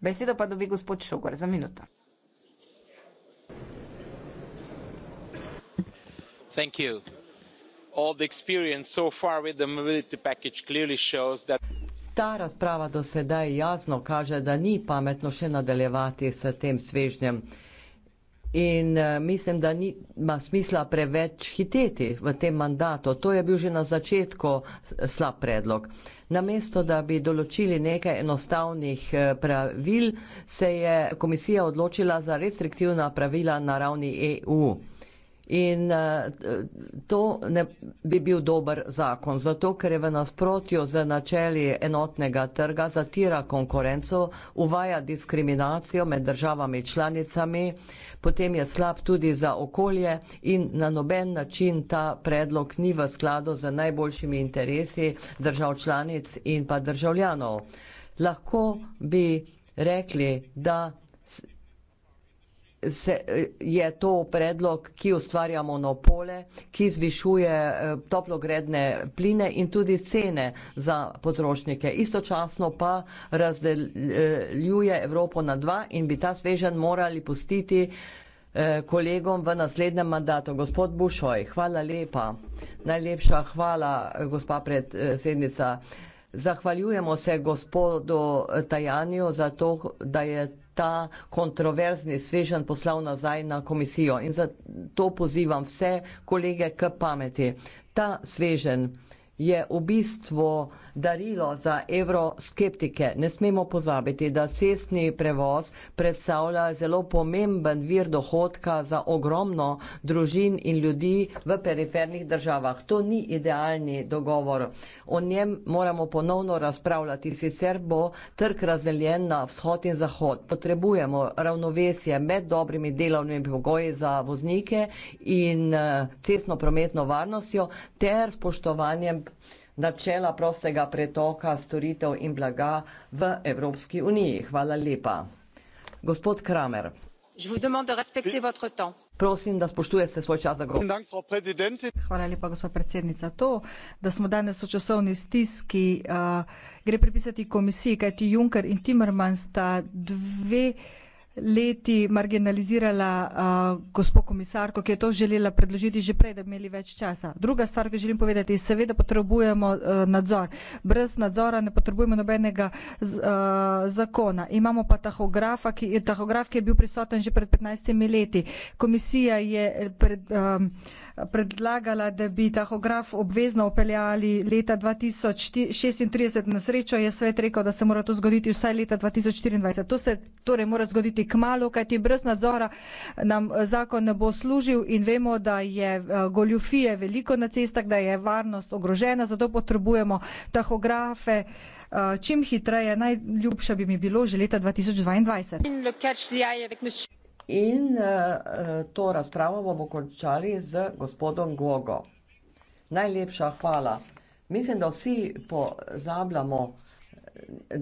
Besedo pa dobi gospod Šogor za minuto. madam predsedujoča all the experience so far with the mobility package clearly shows that. ta razprava do sedaj jasno kaže da ni pametno še nadaljevati s tem svežnjem in eh, mislim da nima smisla preveč hiteti v tem mandatu to je bil že na začetku eh, slab predlog. Namesto, da bi določili nekaj enostavnih eh, pravil, se je komisija odločila za restriktivna pravila na ravni EU. In eh, to ne bi bil dober zakon, zato ker je v nasprotju z načeli enotnega trga, zatira konkurenco, uvaja diskriminacijo med državami članicami, potem je slab tudi za okolje in na noben način ta predlog ni v skladu z najboljšimi interesi držav članic in pa državljanov. Lahko bi rekli, da se, je to predlog, ki ustvarja monopole, ki zvišuje eh, toplogredne pline in tudi cene za potrošnike. Istočasno pa razdeljuje Evropo na dva in bi ta svežen morali pustiti eh, kolegom v naslednjem mandatu. Gospod Bušoj, hvala lepa. Najlepša hvala, eh, gospa predsednica. Zahvaljujemo se gospodu Tajanju za to, da je ta kontroverzni svežen poslal nazaj na komisijo. In zato pozivam vse kolege k pameti. Ta svežen je v bistvu darilo za evroskeptike. Ne smemo pozabiti, da cestni prevoz predstavlja zelo pomemben vir dohodka za ogromno družin in ljudi v perifernih državah. To ni idealni dogovor. O njem moramo ponovno razpravljati, sicer bo trg razdeljen na vzhod in zahod. Potrebujemo ravnovesje med dobrimi delovnimi pogoji za voznike in eh, cestno prometno varnostjo ter spoštovanjem načela prostega pretoka storitev in blaga v Evropski uniji. Hvala lepa. Gospod Kramer. Je vous demande de respecter votre temps. Prosim, da spoštujete svoj čas za govor. Hvala lepa, gospod predsednica. To, da smo danes v časovni stiski, uh, gre pripisati komisiji, kajti Juncker in Timmermans sta dve leti marginalizirala uh, gospod komisarko, ki je to želela predložiti že prej, da bi imeli več časa. Druga stvar, ki želim povedati, je seveda potrebujemo uh, nadzor. Brez nadzora ne potrebujemo nobenega z, uh, zakona. Imamo pa tahografa, ki, tahograf, ki je bil prisoten že pred 15 leti. Komisija je pred. Um, predlagala, da bi tahograf obvezno upeljali leta 2036. Na srečo je svet rekel, da se mora to zgoditi vsaj leta 2024. To se torej mora zgoditi k malu, kajti brez nadzora nam eh, zakon ne bo služil in vemo, da je eh, goljufije veliko na cestah, da je varnost ogrožena, zato potrebujemo tahografe. Eh, čim hitreje, najljubše bi mi bilo že leta 2022. In uh, to razpravo bomo končali z gospodom Gogo. Najlepša hvala. Mislim, da vsi pozabljamo,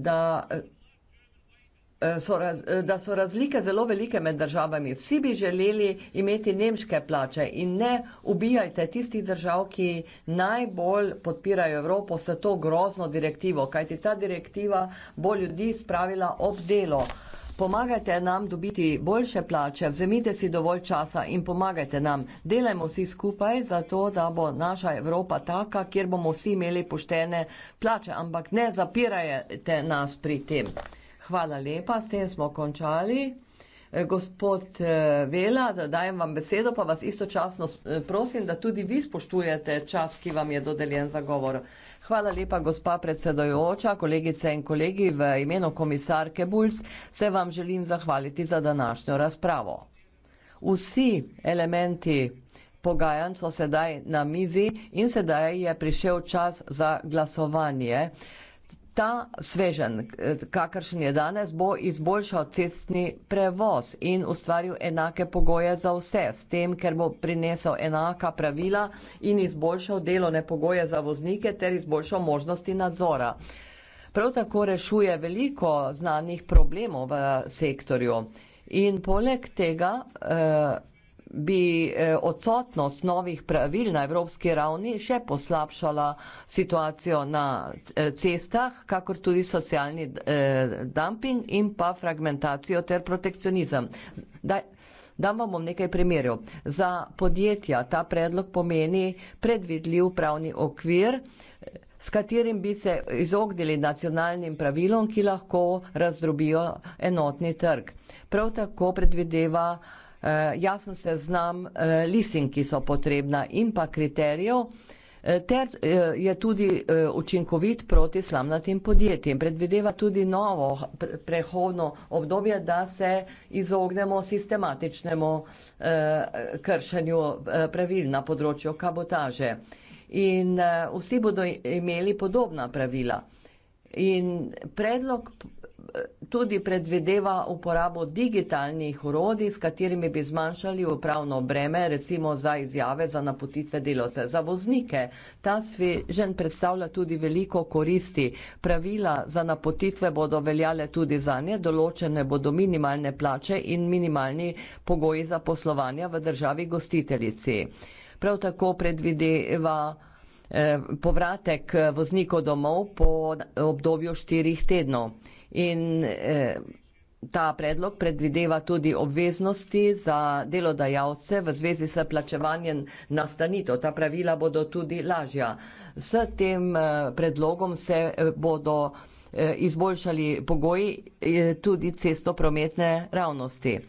da, uh, so raz, uh, da so razlike zelo velike med državami. Vsi bi želeli imeti nemške plače in ne ubijajte tistih držav, ki najbolj podpirajo Evropo s to grozno direktivo, kajti ta direktiva bo ljudi spravila ob delo. Uh, pomagajte nam dobiti boljše plače, vzemite si dovolj časa in pomagajte nam. Delajmo vsi skupaj za to, da bo naša Evropa taka, kjer bomo vsi imeli poštene plače, ampak ne zapirajte nas pri tem. Hvala lepa, s tem smo končali. Eh, gospod eh, Vela, da dajem vam besedo, pa vas istočasno eh, prosim, da tudi vi spoštujete čas, ki vam je dodeljen za govor. Hvala lepa, gospa predsedojoča, kolegice in kolegi v imenu komisarke Bulc, se vam želim zahvaliti za današnjo razpravo. Vsi elementi pogajanj so sedaj na mizi in sedaj je prišel čas za glasovanje. Ta svežen, eh, kakršen je danes, bo izboljšal cestni prevoz in ustvaril enake pogoje za vse, s tem, ker bo prinesel enaka pravila in izboljšal delovne pogoje za voznike ter izboljšal možnosti nadzora. Prav tako rešuje veliko znanih problemov v sektorju in poleg tega eh, bi eh, odsotnost novih pravil na evropski ravni še poslabšala situacijo na eh, cestah, kakor tudi socialni eh, dumping in pa fragmentacijo ter protekcionizem. Daj, dam vam nekaj primerjev. Za podjetja ta predlog pomeni predvidljiv pravni okvir, s katerim bi se izognili nacionalnim pravilom, ki lahko razdrobijo enotni trg. Prav tako predvideva Eh, jasen seznam eh, listin, ki so potrebna in pa kriterijev, eh, ter je tudi učinkovit proti slamnatim podjetjem. Predvideva tudi novo prehodno obdobje, da se izognemo sistematičnemu kršenju pravil na področju kabotaže. In vsi bodo imeli podobna pravila. In predlog tudi predvideva uporabo digitalnih urodij, s katerimi bi zmanjšali upravno breme, recimo za izjave, za napotitve delovce, za voznike. Ta svežen predstavlja tudi veliko koristi. Pravila za napotitve bodo veljale tudi za nje, določene bodo minimalne plače in minimalni pogoji za poslovanje v državi gostiteljici. Prav tako predvideva Eh, povratek eh, voznikov domov po obdobju štirih tednov. In eh, ta predlog predvideva tudi obveznosti za delodajalce v zvezi s plačevanjem nastanitev. Ta pravila bodo tudi lažja. S tem predlogom se bodo izboljšali pogoji tudi cestoprometne ravnosti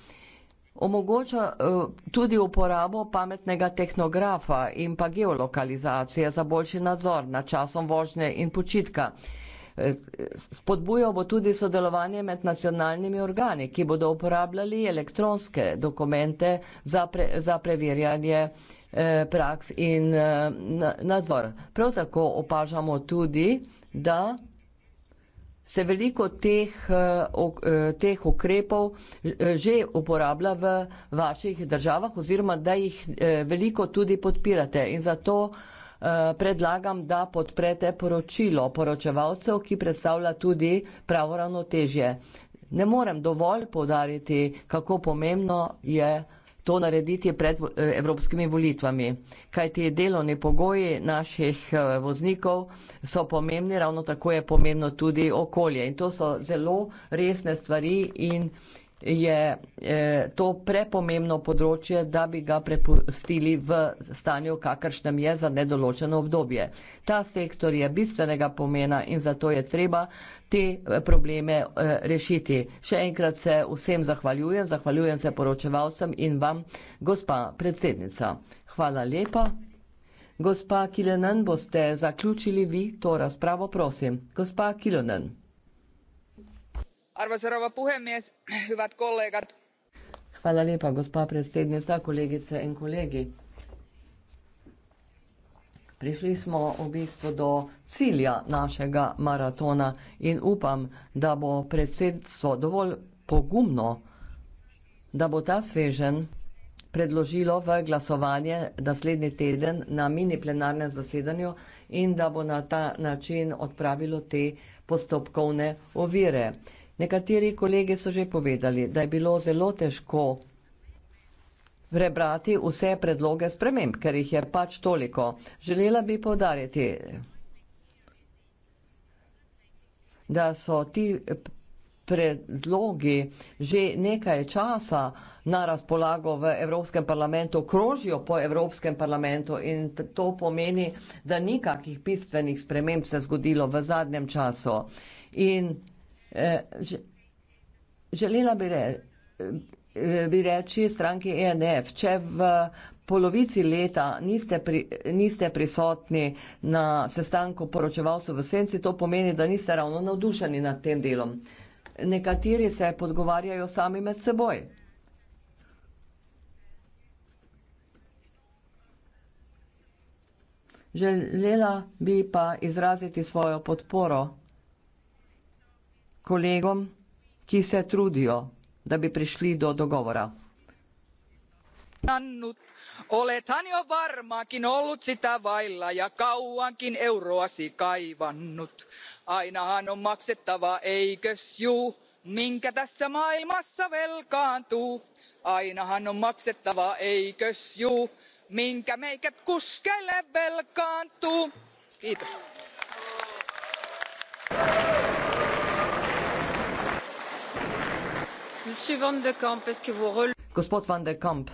omogoča eh, tudi uporabo pametnega tehnografa in pa geolokalizacije za boljši nadzor nad časom vožnje in počitka. Eh, spodbujal bo tudi sodelovanje med nacionalnimi organi, ki bodo uporabljali elektronske dokumente za, pre, za preverjanje eh, praks in eh, nadzor. Prav tako opažamo tudi, da se veliko teh, eh, eh, teh ukrepov eh, že uporablja v vaših državah oziroma da jih veliko tudi podpirate in zato predlagam, da podprete poročilo poročevalcev, ki predstavlja tudi pravo ravnotežje. Ne morem dovolj poudariti, kako pomembno je to narediti pred eh, evropskimi volitvami. Kajti delovni pogoji naših eh, voznikov so pomembni, ravno tako je pomembno tudi okolje. In to so zelo resne stvari in je eh, to prepomembno področje, da bi ga prepustili v stanju, kakršnem je za nedoločeno obdobje. Ta sektor je bistvenega pomena in zato je treba te eh, probleme eh, rešiti. Še enkrat se vsem zahvaljujem, zahvaljujem se poročevalcem in vam, gospa predsednica. Hvala lepa. Gospa Kilenen, boste zaključili vi to razpravo, prosim. Gospa Kilenen arvoisa rouva puhemies hyvät kollegat hvala lepa gospa predsednica kolegice in kolegi Prišli smo v bistvu do cilja našega maratona in upam, da bo predsedstvo dovolj pogumno, da bo ta svežen predložilo v glasovanje naslednji teden na mini plenarnem zasedanju in da bo na ta način odpravilo te postopkovne ovire. Nekateri kolegi so že povedali, da je bilo zelo težko prebrati vse predloge sprememb, ker jih je pač toliko. Želela bi povdariti, da so ti predlogi že nekaj časa na razpolago v Evropskem parlamentu, krožijo po Evropskem parlamentu in to pomeni, da nikakih bistvenih sprememb se zgodilo v zadnjem času. In Eh, želela bi, re, eh, bi reči stranki ENF, če v polovici leta niste, pri, niste prisotni na sestanku poročevalcev v senci, to pomeni, da niste ravno navdušeni nad tem delom. Nekateri se podgovarjajo sami med seboj. Želela bi pa izraziti svojo podporo kolegom, ki se trudijo, da bi prišli do dogovora. Olethan jo varmaankin ollut sitä vailla ja kauankin euroasi kaivannut. Ainahan on maksettava, eikös juu, minkä tässä maailmassa velkaantuu. Ainahan on maksettava, eikös juu, minkä meikät kuskeille velkaantuu. Kiitos. gospod van de camp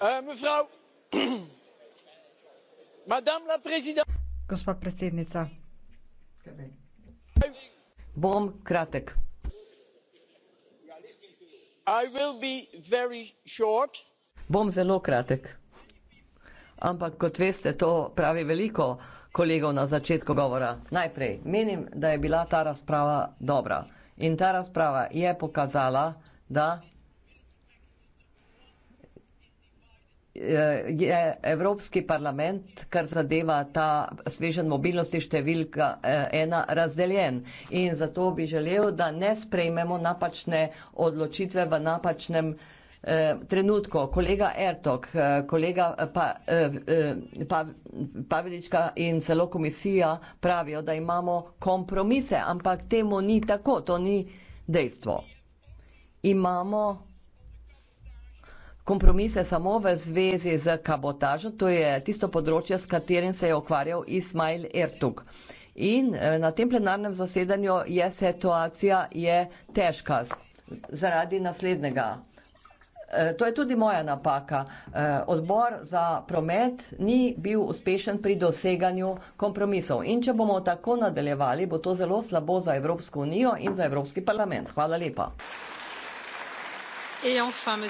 euh, gospa predsednica bom kratek bom zelo kratek ampak kot veste to pravi veliko kolegov na začetku govora. Najprej, menim, da je bila ta razprava dobra in ta razprava je pokazala, da eh, je Evropski parlament, kar zadeva ta svežen mobilnosti številka eh, ena, razdeljen. In zato bi želel, da ne sprejmemo napačne odločitve v napačnem času Eh, trenutku, kolega Ertok, eh, kolega eh, pa, pa, Pavelička in celo komisija pravijo, da imamo kompromise, ampak temu ni tako, to ni dejstvo. Imamo kompromise samo v zvezi z kabotažo, to je tisto področje, s katerim se je ukvarjal Ismail Ertug. In na tem plenarnem zasedanju je situacija je težka zaradi naslednjega. Eh, to je tudi moja napaka. Eh, odbor za promet ni bil uspešen pri doseganju kompromisov. In če bomo tako nadaljevali, bo to zelo slabo za Evropsko unijo in za Evropski parlament. Hvala lepa. Enfin,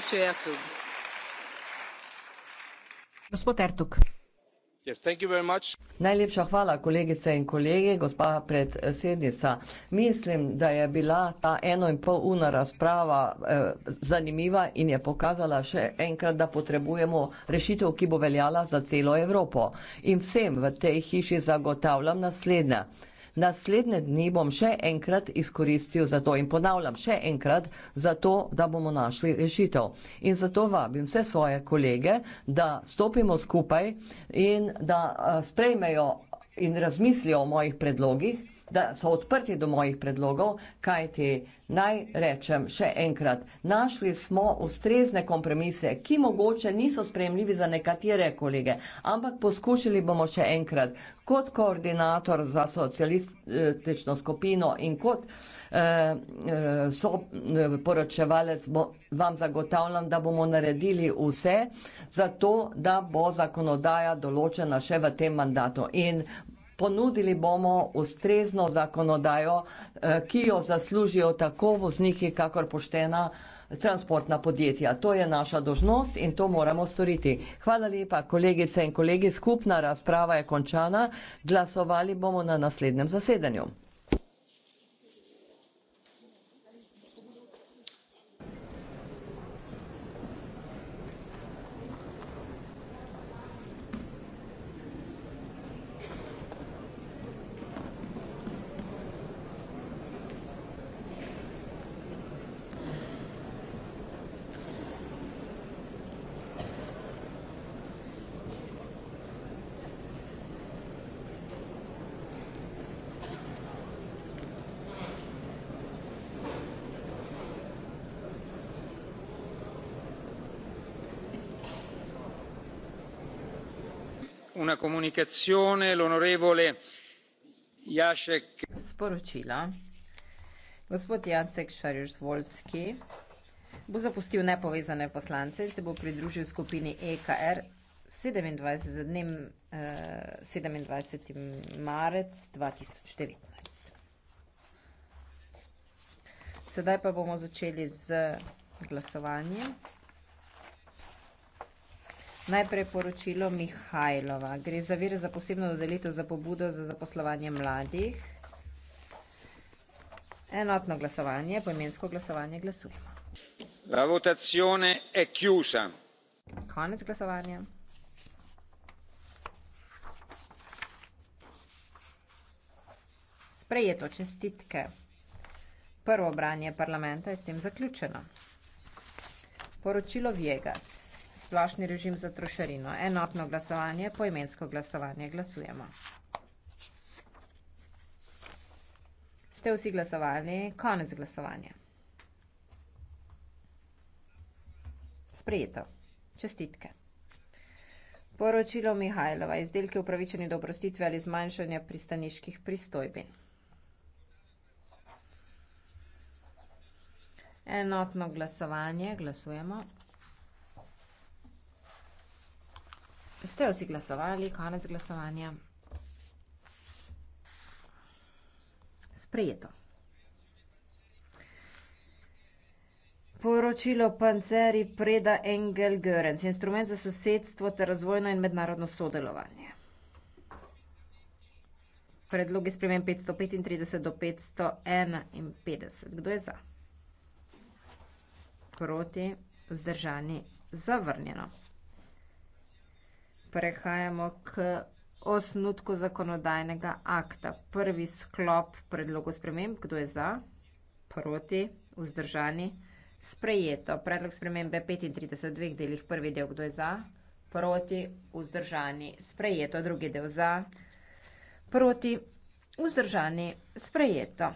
gospod Ertug. Yes, thank you very much. Najlepša hvala, kolegice in kolege, gospa predsednica. Mislim, da je bila ta eno in pol ura razprava eh, zanimiva in je pokazala še enkrat, da potrebujemo rešitev, ki bo veljala za celo Evropo. In vsem v tej hiši zagotavljam naslednje naslednje dni bom še enkrat izkoristil za to in ponavljam še enkrat za to, da bomo našli rešitev. In zato vabim vse svoje kolege, da stopimo skupaj in da sprejmejo in razmislijo o mojih predlogih da so odprti do mojih predlogov, kajti naj rečem še enkrat, našli smo ustrezne kompromise, ki mogoče niso sprejemljivi za nekatere kolege, ampak poskušali bomo še enkrat kot koordinator za socialistično skupino in kot eh, eh soporočevalec eh, vam zagotavljam, da bomo naredili vse za to, da bo zakonodaja določena še v tem mandatu. In ponudili bomo ustrezno zakonodajo, eh, ki jo zaslužijo tako vozniki, kakor poštena transportna podjetja. To je naša dožnost in to moramo storiti. Hvala lepa, kolegice in kolegi. Skupna razprava je končana. Glasovali bomo na naslednjem zasedanju. una comunicazione l'onorevole jacek. sporočilo gospod jacek saryusz-wolski bo zapustil nepovezane poslance in se bo pridružil skupini ekr sedemindvajset z dnem sedemindvajset eh, marec dva tisoč devetnajst sedaj pa bomo začeli z glasovanjem. Najprej poročilo Mihajlova. Gre za vir za posebno dodelitev za pobudo za zaposlovanje mladih. Enotno glasovanje, poimensko glasovanje, glasujemo. La votazione è chiusa. Konec glasovanja. Sprejeto čestitke. Prvo branje parlamenta je s tem zaključeno. Poročilo Viegas splošni režim za trošarino. Enotno glasovanje, poimensko glasovanje. Glasujemo. Ste vsi glasovali? Konec glasovanja. Sprejeto. Čestitke. Poročilo Mihajlova. Izdelke upravičeni do oprostitve ali zmanjšanja pristaniških pristojbin. Enotno glasovanje. Glasujemo. Ste vsi glasovali, konec glasovanja. Sprejeto. Poročilo Panceri Preda Engel Görens, instrument za sosedstvo ter razvojno in mednarodno sodelovanje. Predloge spremem 535 do 551. Kdo je za? Proti, vzdržani, zavrnjeno. Prehajamo k osnutku zakonodajnega akta. Prvi sklop predlogu sprememb. Kdo je za? Proti? Vzdržani? Sprejeto. Predlog spremembe je 35 v dveh delih. Prvi del. Kdo je za? Proti? Vzdržani? Sprejeto. Drugi del. Za? Proti? Vzdržani? Sprejeto.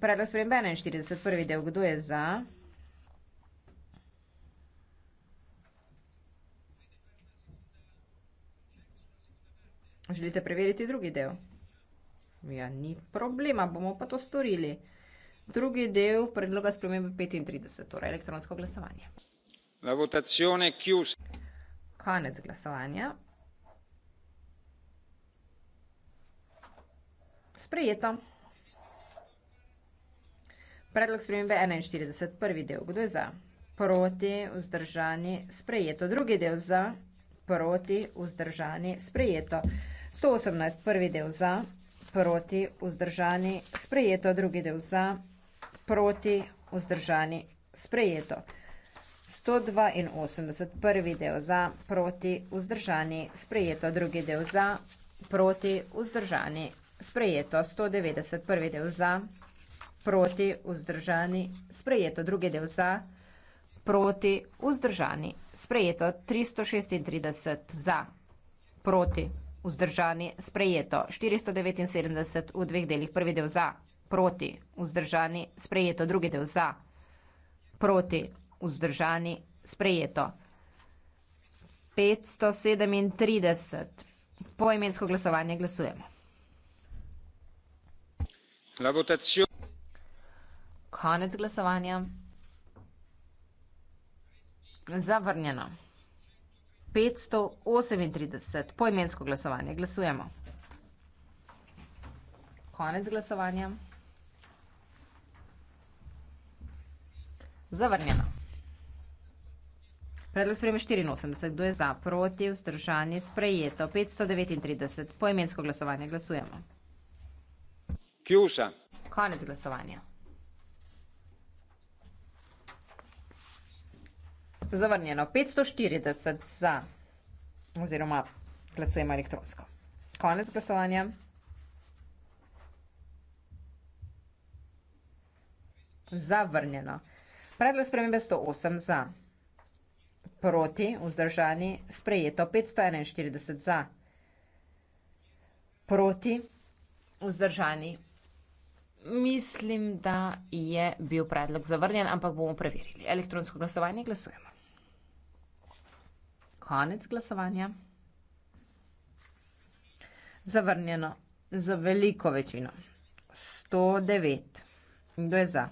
Predlog spremembe 41. Prvi del. Kdo je za? Proti? Želite preveriti drugi del? Ja, ni problema, bomo pa to storili. Drugi del predloga spremembe 35, torej elektronsko glasovanje. La votazione chiusa. Konec glasovanja. Sprejeto. Predlog spremembe 41, prvi del. Kdo je za? Proti, vzdržani, sprejeto. Drugi del za? Proti, vzdržani, sprejeto. 118, prvi del za, proti, vzdržani, sprejeto, drugi del za, proti, vzdržani, sprejeto. 182, prvi del za, proti, vzdržani, sprejeto, drugi del za, proti, vzdržani, sprejeto. 190, prvi del za, proti, vzdržani, sprejeto, drugi del za, proti, vzdržani, sprejeto. 336 za, proti, vzdržani vzdržani, sprejeto. 479 v dveh delih, prvi del za, proti, vzdržani, sprejeto, drugi del za, proti, vzdržani, sprejeto. 537, poimensko glasovanje glasujemo. La votazione. Konec glasovanja. Zavrnjeno. 538, poimensko glasovanje. Glasujemo. Konec glasovanja. Zavrnjeno. Predlog sprejme 84, kdo je za, proti, vzdržanje, sprejeto. 539, poimensko glasovanje. Glasujemo. Kjuša. Konec glasovanja. Zavrnjeno 540 za, oziroma glasujemo elektronsko. Konec glasovanja. Zavrnjeno. Predlog spremembe 108 za, proti, vzdržani, sprejeto 541 za, proti, vzdržani. Mislim, da je bil predlog zavrnjen, ampak bomo preverili. Elektronsko glasovanje glasujemo konec glasovanja. Zavrnjeno za veliko večino. 109. Kdo je za?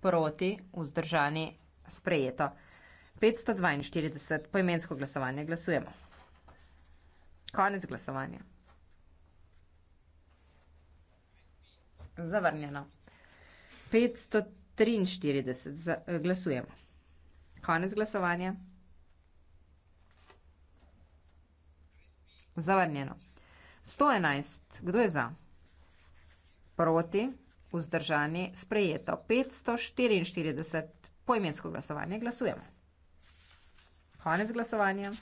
Proti, vzdržani, sprejeto. 542. Poimensko glasovanje. Glasujemo. Konec glasovanja. Zavrnjeno. 543. Eh, glasujemo. Konec glasovanja. Zavrnjeno. 111. Kdo je za? Proti. Vzdržani. Sprejeto. 544. Poimensko glasovanje. Glasujemo. Konec glasovanja.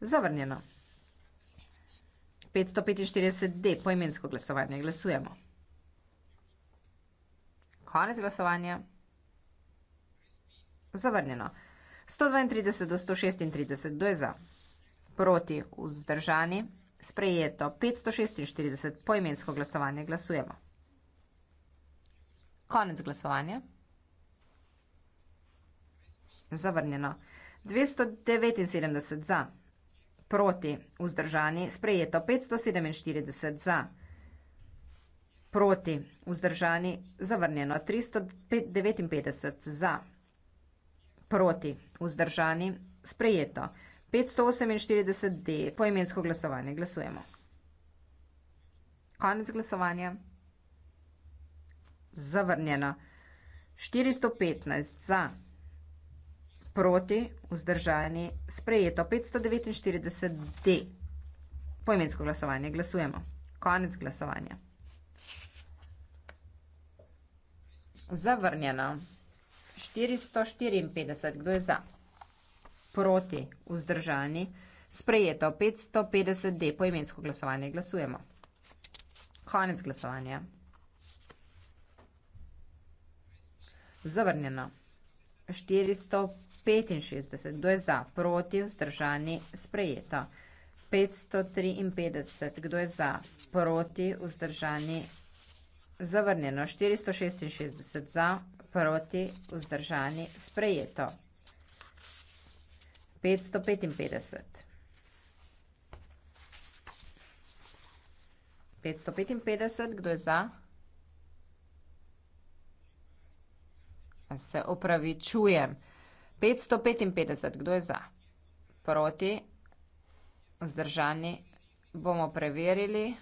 Zavrnjeno. 545D. Poimensko glasovanje. Glasujemo. Konec glasovanja. Zavrnjeno. 545. 132 do 136, kdo je za? Proti, vzdržani, sprejeto 546, poimensko glasovanje, glasujemo. Konec glasovanja. Zavrnjeno. 279 za, proti, vzdržani, sprejeto 547 za, proti, vzdržani, zavrnjeno 359 za proti, vzdržani, sprejeto. 548D, poimensko glasovanje, glasujemo. Konec glasovanja. Zavrnjeno. 415 za, proti, vzdržani, sprejeto. 549D, poimensko glasovanje, glasujemo. Konec glasovanja. Zavrnjeno. 454, kdo je za? Proti, vzdržani, sprejeto 550D, poimensko glasovanje, glasujemo. Konec glasovanja. Zavrnjeno. 465, kdo je za? Proti, vzdržani, sprejeto. 553, kdo je za? Proti, vzdržani, zavrnjeno. 466 za, proti vzdržani sprejeto. 555. 555, kdo je za? Se opravičujem. 555, kdo je za? Proti vzdržani bomo preverili.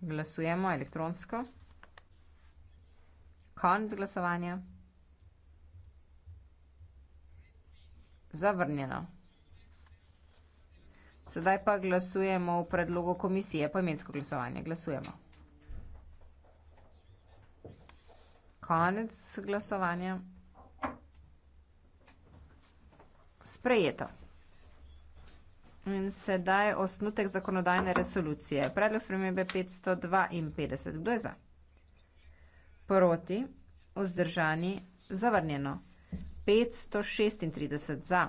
Glasujemo elektronsko. 555. Konec glasovanja. Zavrnjeno. Sedaj pa glasujemo v predlogu komisije, poimensko glasovanje. Glasujemo. Konec glasovanja. Sprejeto. In sedaj osnutek zakonodajne resolucije. Predlog spremembe 552. Kdo je za? Proti, vzdržani, zavrnjeno. 536 za.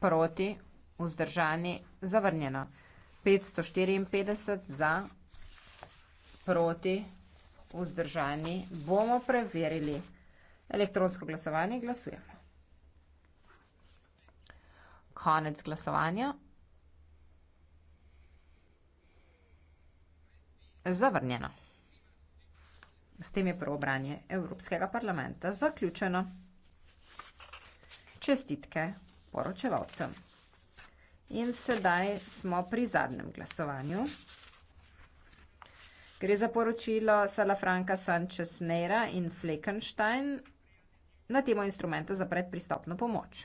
Proti, vzdržani, zavrnjeno. 554 za. Proti, vzdržani, bomo preverili. Elektronsko glasovanje glasujemo. Konec glasovanja. Zavrnjeno. S tem je prvo branje Evropskega parlamenta zaključeno. Čestitke poročevalcem. In sedaj smo pri zadnjem glasovanju. Gre za poročilo Salafranka Sanchez Neira in Fleckenstein na temo instrumenta za predpristopno pomoč.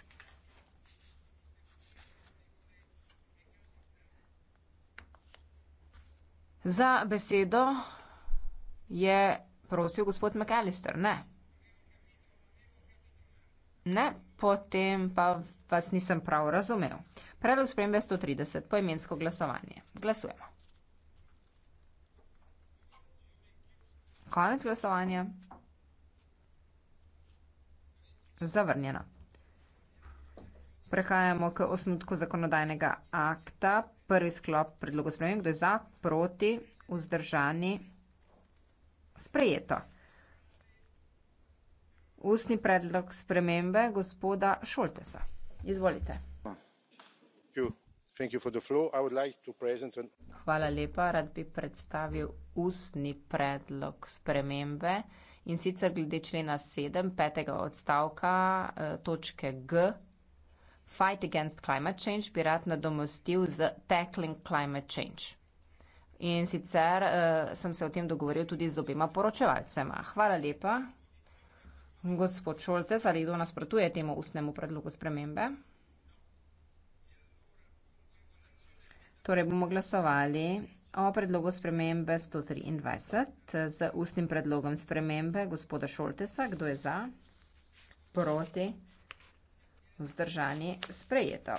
Za besedo je prosil gospod McAllister, ne. Ne, potem pa vas nisem prav razumel. Predlog spremembe 130, poimensko glasovanje. Glasujemo. Konec glasovanja. Zavrnjeno. Prehajamo k osnutku zakonodajnega akta. Prvi sklop predlogu spremembe, kdo je za, proti, vzdržani sprejeto. Ustni predlog spremembe gospoda Šoltesa. Izvolite. Hvala lepa. Rad bi predstavil ustni predlog spremembe in sicer glede člena 7, petega odstavka eh, točke G. Fight against climate change bi rad nadomestil z tackling climate change. In sicer uh, sem se o tem dogovoril tudi z obima poročevalcema. Hvala lepa, gospod Šoltes, ali kdo nasprotuje temu ustnemu predlogu spremembe. Torej bomo glasovali o predlogu spremembe 123 eh, z ustnim predlogom spremembe gospoda Šoltesa. Kdo je za? Proti? Vzdržani? Sprejeto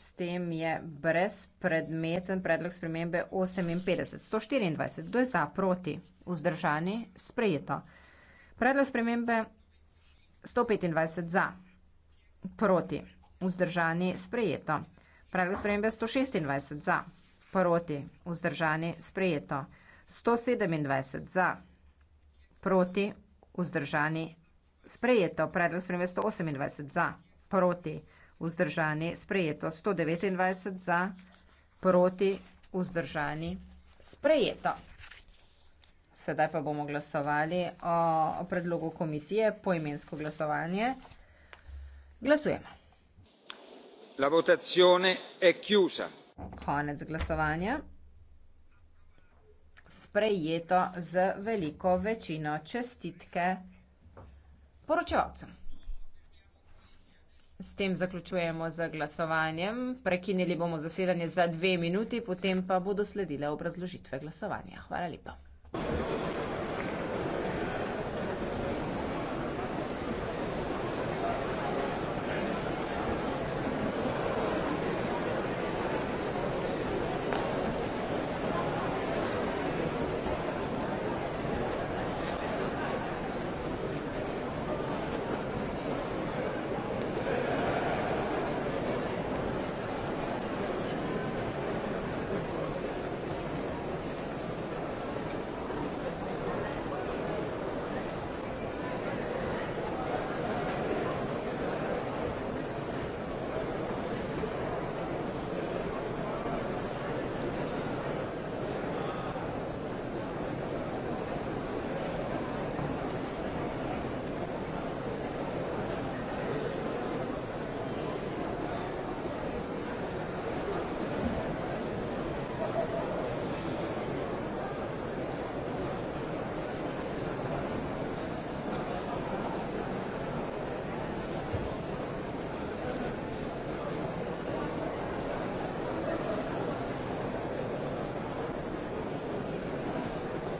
s tem je brezpredmeten predlog spremembe 58. 124. Kdo je za? Proti. Vzdržani? Sprejeto. Predlog spremembe 125. Za. Proti. Vzdržani? Sprejeto. Predlog spremembe 126. Za. Proti. Vzdržani? Sprejeto. 127. Za. Proti. Vzdržani? Sprejeto. Predlog spremembe 128. Za. Proti vzdržani, sprejeto 129 za, proti, vzdržani, sprejeto. Sedaj pa bomo glasovali o predlogu komisije poimensko glasovanje. Glasujemo. La votazione è chiusa. Konec glasovanja. Sprejeto z veliko večino čestitke poročevalcem. S tem zaključujemo z glasovanjem. Prekinili bomo zasedanje za dve minuti, potem pa bodo sledile obrazložitve glasovanja. Hvala lepa.